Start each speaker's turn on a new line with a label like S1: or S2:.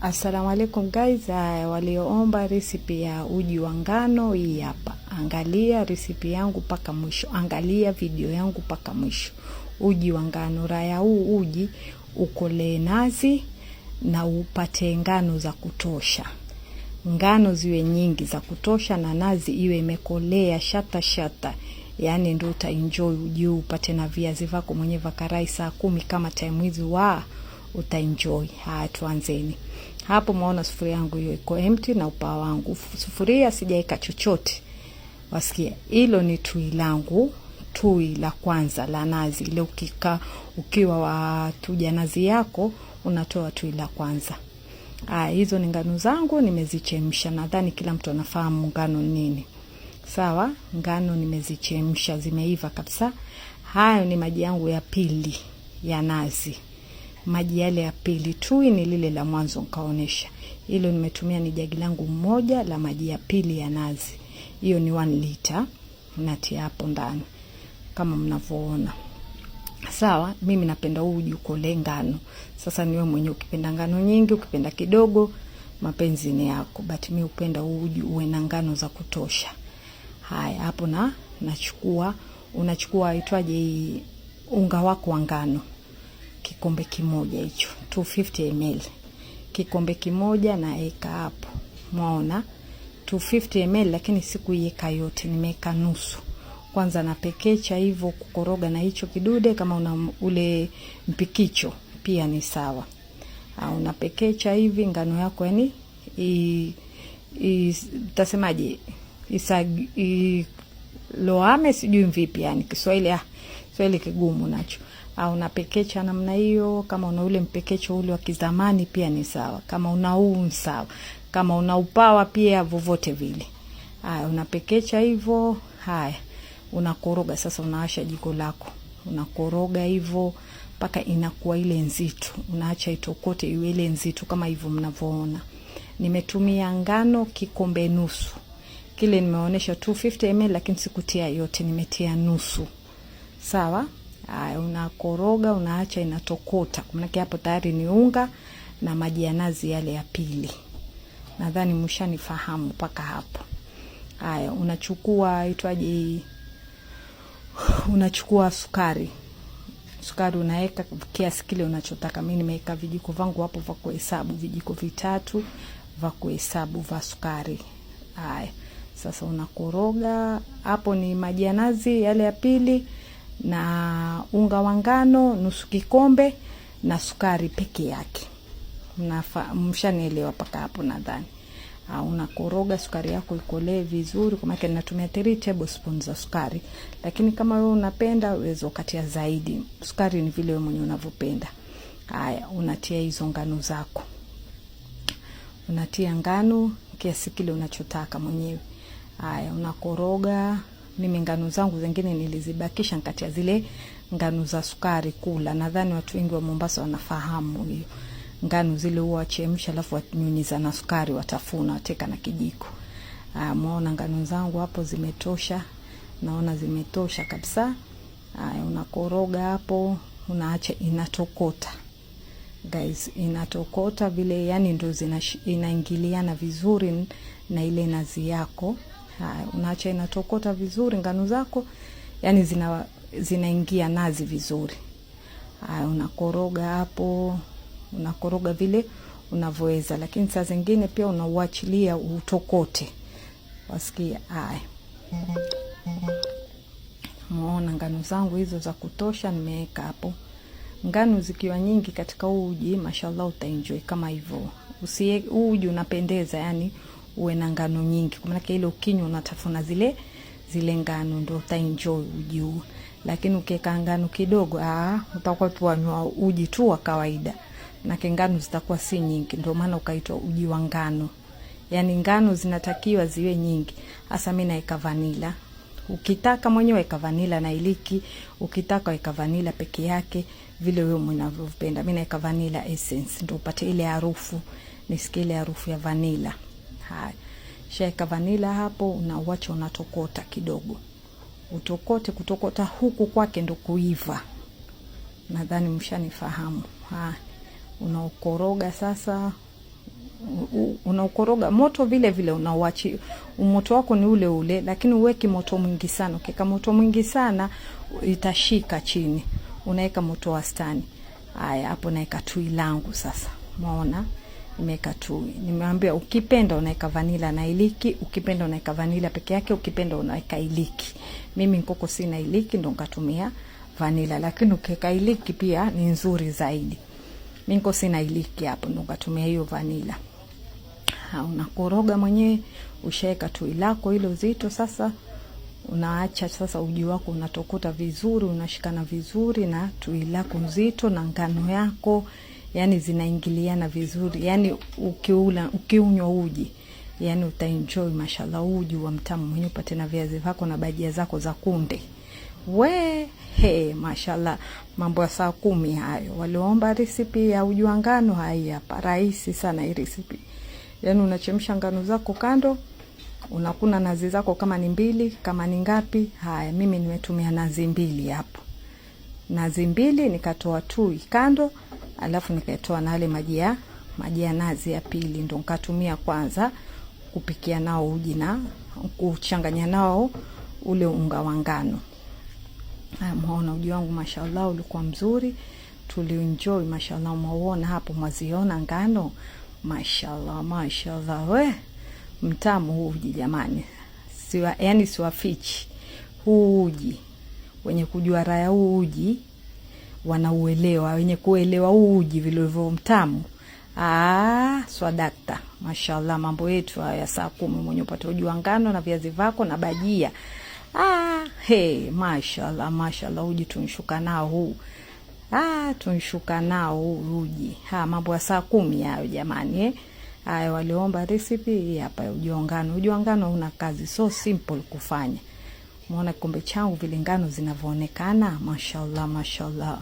S1: asalamu alaikum guys, ah, walioomba recipe ya uji wa ngano hii hapa. Angalia recipe yangu mpaka mwisho, angalia video yangu mpaka mwisho. Uji wa ngano raya, huu uji ukolee nazi na upate ngano za kutosha, ngano ziwe nyingi za kutosha, na nazi iwe imekolea shata shata yaani ndio utaenjoy uji huu, upate na viazi vako mwenyewe vakarai saa kumi kama time hizi wa utaenjoy. Haya, tuanzeni. Hapo mwaona sufuria yangu hiyo iko empty na upaa wangu sufuria sijaika chochote. Wasikia hilo ni tui langu, tui la kwanza la nazi ile. Ukika ukiwa watuja nazi yako unatoa tui la kwanza. aya hizo ni ngano zangu nimezichemsha. Nadhani kila mtu anafahamu ngano nini. Sawa, ngano nimezichemsha zimeiva kabisa. Hayo ni maji yangu ya pili ya nazi maji yale ya pili, tui ni lile la mwanzo nkaonesha, Hilo nimetumia ni jagi langu moja la maji ya pili ya nazi, hiyo ni 1 lita, natia hapo ndani kama mnavyoona. Sawa, mimi napenda huu uji ukole ngano. Sasa wewe mwenye, ukipenda ngano nyingi, ukipenda kidogo, mapenzi ni yako, but mimi upenda huu uji uwe na ngano za kutosha. Haya, hapo na nachukua, unachukua aitwaje, hii unga wako wa ngano kikombe kimoja hicho 250 ml kikombe kimoja na eka hapo, mwaona 250 ml, lakini sikuiweka yote, nimeweka nusu. Kwanza napekecha hivyo kukoroga na hicho kidude, kama una ule mpikicho pia ni sawa, au ah, napekecha hivi ngano yako, yani itasemaje, loame, sijui vipi, yani Kiswahili ah, Kiswahili kigumu nacho au na pekecha namna hiyo. Kama una ule mpekecho ule wa kizamani pia ni sawa, kama una uu sawa, kama una upawa pia vovote vile. Haya, unapekecha hivyo. Haya, unakoroga sasa, unawasha jiko lako, unakoroga hivyo mpaka inakuwa ile nzito, unaacha itokote iwe ile nzito kama hivyo mnavyoona. Nimetumia ngano kikombe nusu, kile nimeonyesha 250 ml, lakini sikutia yote, nimetia nusu. Sawa. Aya, unakoroga unaacha inatokota, maanake hapo tayari ni unga na maji ya nazi yale ya pili. Nadhani mshanifahamu mpaka hapo. Haya, unachukua itwaje, unachukua sukari sukari unaweka kiasi kile unachotaka. Mimi nimeweka vijiko vangu hapo vya kuhesabu, vijiko vitatu vya kuhesabu vya sukari. Haya, sasa unakoroga hapo, ni maji ya nazi yale ya pili na unga wa ngano nusu kikombe na sukari peke yake. Mshanielewa mpaka hapo nadhani. Ah, unakoroga sukari yako ikolee vizuri, kwa maana natumia 3 tablespoons za sukari, lakini kama wewe unapenda uweze ukatia zaidi. Sukari ni vile wewe mwenyewe unavyopenda. Haya, unatia hizo ngano zako, unatia ngano kiasi kile unachotaka mwenyewe. Haya, unakoroga mimi ngano zangu zingine nilizibakisha nkatia zile ngano za sukari kula. Nadhani watu wengi wa Mombasa wanafahamu hiyo ngano zile, huwa wachemsha alafu wanyunyiza na sukari, watafuna, wateka na kijiko. Ah, muona ngano zangu hapo zimetosha, naona zimetosha kabisa. Haya, ah, unakoroga hapo, unaacha inatokota guys, inatokota vile, yani ndo inaingiliana vizuri na ile nazi yako. Haya, unaacha inatokota vizuri ngano zako, yani zina zinaingia nazi vizuri. Haya, unakoroga hapo, unakoroga vile unavyoweza, lakini saa zingine pia unauachilia utokote. Wasikia? Haya, mona ngano zangu hizo za kutosha nimeweka hapo. Ngano zikiwa nyingi katika uji, mashallah utaenjoy kama hivyo. Usi uji unapendeza yani uwe na ngano nyingi, kwa maana ile ukinywa unatafuna zile zile ngano, ndio utaenjoy uji huu. Lakini ukiweka ngano kidogo, ah, utakuwa tu wanywa uji tu wa kawaida, na ngano zitakuwa si nyingi, ndio maana ukaitwa uji wa ngano. Yani ngano zinatakiwa ziwe nyingi. Hasa mimi naeka vanila Ukitaka mwenyewe weka vanila na iliki, ukitaka weka vanila peke yake, vile wewe mnavyopenda. Mimi naeka vanila essence ndio upate ile harufu, nisikie ile harufu ya vanila. Haya, shaeka vanila hapo, unauacha unatokota kidogo, utokote. Kutokota huku kwake ndo kuiva, nadhani mshanifahamu. Haya, unaukoroga sasa, unaukoroga moto vile vile, unauachi moto wako ni ule ule, lakini uweki moto mwingi sana. Ukiweka moto mwingi sana itashika chini, unaweka moto wastani. Haya, hapo naweka tui langu sasa, maona nimeweka tui. Nimeambia ukipenda unaweka vanila na iliki, ukipenda unaweka vanila peke yake, ukipenda unaweka iliki. Mimi nkoko sina iliki, ndo nikatumia vanila, lakini ukiweka iliki pia ni nzuri zaidi. Mimi nko sina iliki hapo, ndo nikatumia hiyo vanila. Unakoroga mwenyewe, ushaeka tui lako hilo zito sasa unaacha sasa uji wako unatokota vizuri, unashikana vizuri na tui lako nzito na ngano yako yani zinaingiliana vizuri, yani ukiula ukiunywa uji yani utaenjoy mashallah, uji wa mtamu mwenyewe, upate na viazi vyako na bajia zako za kunde we he, mashallah, mambo ya saa kumi hayo. Waliomba risipi ya uji wa ngano, hai hapa, rahisi sana hii risipi. Yani unachemsha ngano zako kando, unakuna nazi zako, kama ni mbili, kama ni ngapi. Haya, mimi nimetumia nazi mbili hapo nazi mbili nikatoa tui kando, alafu nikatoa na yale maji ya maji ya nazi ya pili, ndo nkatumia kwanza kupikia nao uji na kuchanganya nao ule unga wa ngano. Mwaona uji wangu mashallah, ulikuwa mzuri, tulienjoy mashallah. Mwaona hapo, mwaziona ngano mashallah, mashallah, we mtamu huu uji jamani, siwa yani siwafichi huu uji wenye kujua raya huu uji wanauelewa, wenye kuelewa huu uji vilivyo mtamu. Ah, swadakta, mashallah, mambo yetu haya ya saa kumi, mwenye upate uji wa ngano na viazi vako na bajia. Ah, hey, mashallah, mashallah, uji tunshuka nao huu Ah, tunshuka nao uji. Ha, mambo ya saa kumi hayo jamani eh. Aya, waliomba recipe hapa uji wa ngano. Uji wa ngano una kazi so simple kufanya. Mwona kikombe changu vile ngano zinavyoonekana, mashallah mashallah.